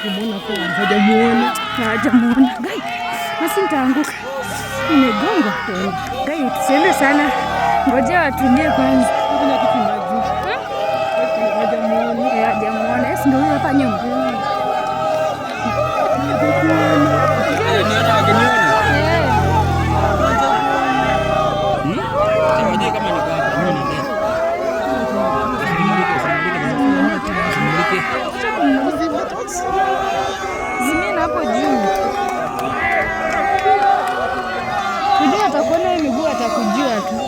Hajamuona, hajamuona Gai, basi nitaanguka, nimegongwa Gai. Tusiende sana, ngoja watulie kwanza. Hajamuona, hajamuona. Yes, ndio huyo hapa nyuma. Mm. আঠারো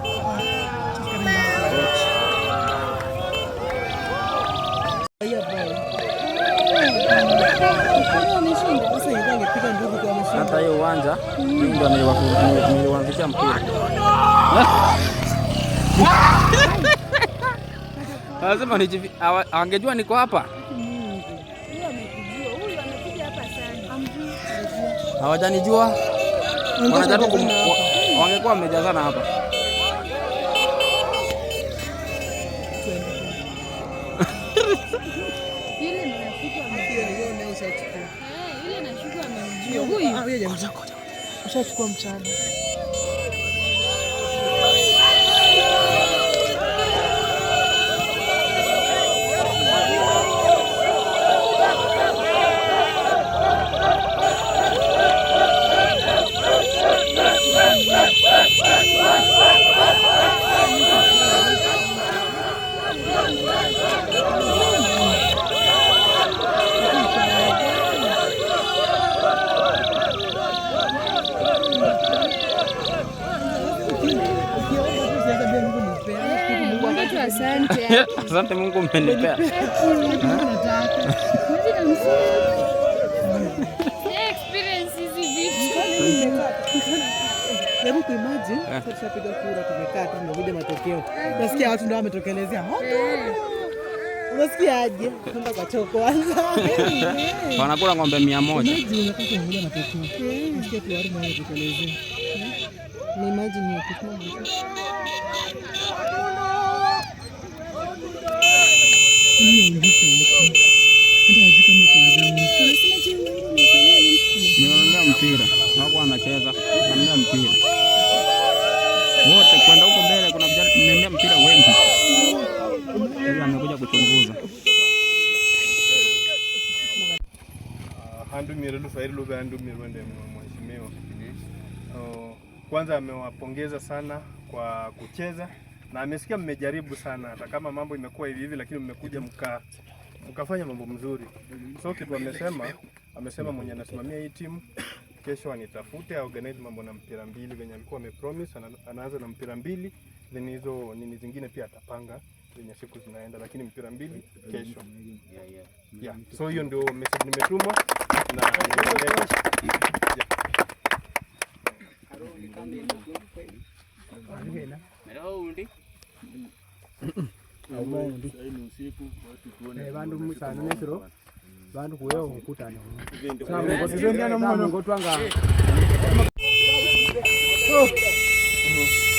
hata hiyo uwanja ndio niliwaanzisha mpira. Lazima angejua niko hapa, hawajanijua, wangekuwa wamejazana hapa. Ashachukua ah, mchana. Asante Mungu umenipea. Hebu kuimagine tunapiga kura, tumekaa tu tunakuja matokeo, nasikia watu ndio wametokelezea. Unasikiaje? Kwenda kwa choo kwanza, wanakula ng'ombe mia moja ni maji nimeongea mpira, wako anacheza naongea mpira wote, kwenda huko mbele kuna vijana mnaendea mpira wengi, amekuja kuchunguza ah, handumire lufairi luve handumire wende kwanza amewapongeza sana kwa kucheza na amesikia mmejaribu sana, hata kama mambo imekuwa hivi hivi, lakini mmekuja mka mkafanya mambo mzuri. So kitu amesema, amesema mwenye anasimamia hii timu kesho anitafute organize mambo na mpira mbili venye alikuwa amepromise. Anaanza na mpira mbili, then hizo nini zingine pia atapanga venye siku zinaenda, lakini mpira mbili kesho. Yeah, so hiyo ndio message nimetumwa na yeah. Eh, vandu musana nesiro vandu kuyeo kutanaoeanamnongotwanga